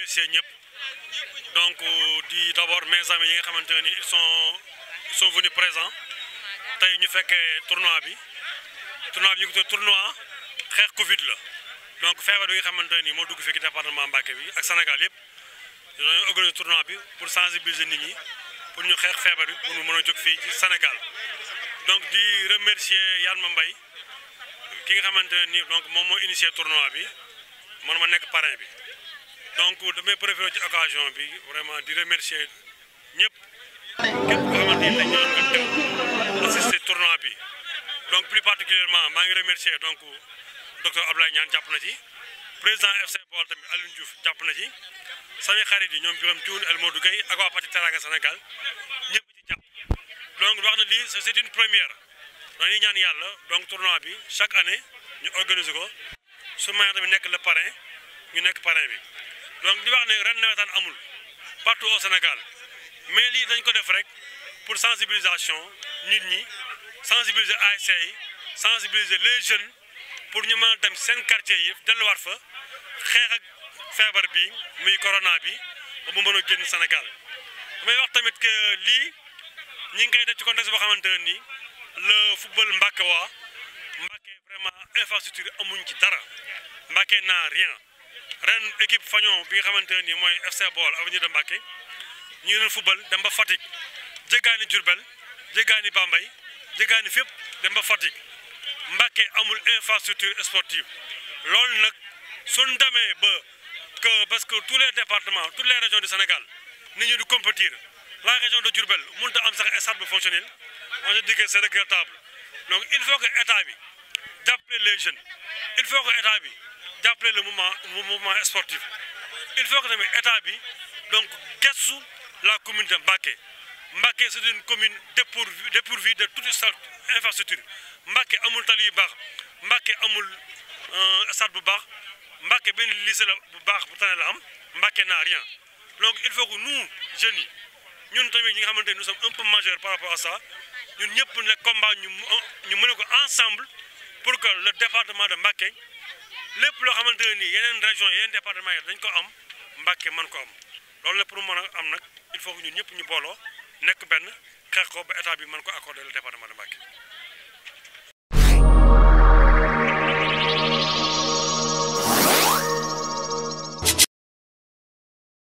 remercier ñëpp donc di d'abord mes amis yi nga xamante ne ils sont ils sont venus tey ñu fekkee tournoi bi tournoi bi ñu ko tournoi xeex la donc feebar bi nga xamante nii moo dugg fii département Mbacké bi ak Sénégal yëpp dañoo organiser tournoi bi pour sensibiliser nit ñi pour ñu xeex feebar bi pour mu mën a jóg fii ci Sénégal donc di remercier ma mbay ki nga xamante ne nii donc moom moo initié tournoi bi man ma nekk parrain bi. donc damay profité ci occasion bi vraiment di remercier ñëpp képp koo xamante ni dañu doon tournoi bi donc plus particulièrement maa ngi remercier donc docteur Abdoulaye ñaan jàpp na ci président FC Baol tamit Alioune Diouf jàpp na ci samay xarit yi ñoom Birame Thioune El Modou Gueye ak waa parti ñëpp ci jàpp donc wax na lii c'est une première dañuy ñaan yàlla donc tournoi bi chaque année ñu organiser ko su ma tamit nekk la parrain ñu nekk parrain bi donc di wax ne ren nawetaan amul partout au Sénégal mais lii dañ ko def rek pour sensibilisation nit ñi sensibiliser ASC yi sensibiliser les jeunes pour ñu mën a dem seen quartier yi delluwaat fa xeex ak feebar bi muy corona bi ba mu mën a génn Sénégal damay wax tamit lii ñi ngi koy def ci contexte boo xamante ne nii le football Mbacke waa Mbacke vraiment infrastructure amuñ ci dara Mbacke naa rien. ren équipe fañon bi nga xamante ne nii mooy FC Baol avenir de Mbacké ñu leen football dem ba Fatick jéggaani Diourbel jéggaani Bambey jéggaani fépp dem ba Fatick Mbacké amul infrastructure sportive loolu nag suñ demee ba que parce que tous les départements toutes les régions du Sénégal nit ñi di compétir la région de Diourbel mënut am sax stade bu fonctionnel on se dit que c'est donc il faut que état bi jàppale les jeunes il faut que état bi. jàppale le mouvement mouvement sportif il faut que tamit état bi donc gëstu la commune de Mbacké Mbacké c'est une commune dépourvue dépourvue de toute infrastructure Mbacké amul tali yu baax Mbacké amul euh, stade bu baax Mbacké benn lycée la bu baax bu tane la am Mbacké n'a rien donc il faut que nous jeunes yi ñun tamit ñi nga xamante ne nous sommes un peu majeurs par rapport à ça ñun ñëpp ne combat ñu ñu ne ko ensemble pour que le département de Mbacké lépp loo xamante ne nii yeneen région yeneen département yi dañ ko am Mbàkke man ko am loolu la pour mën a am nag il faut que ñun ñëpp ñu booloo nekk benn xeex ko ba état bi mën ko accordé le département de Mbàkke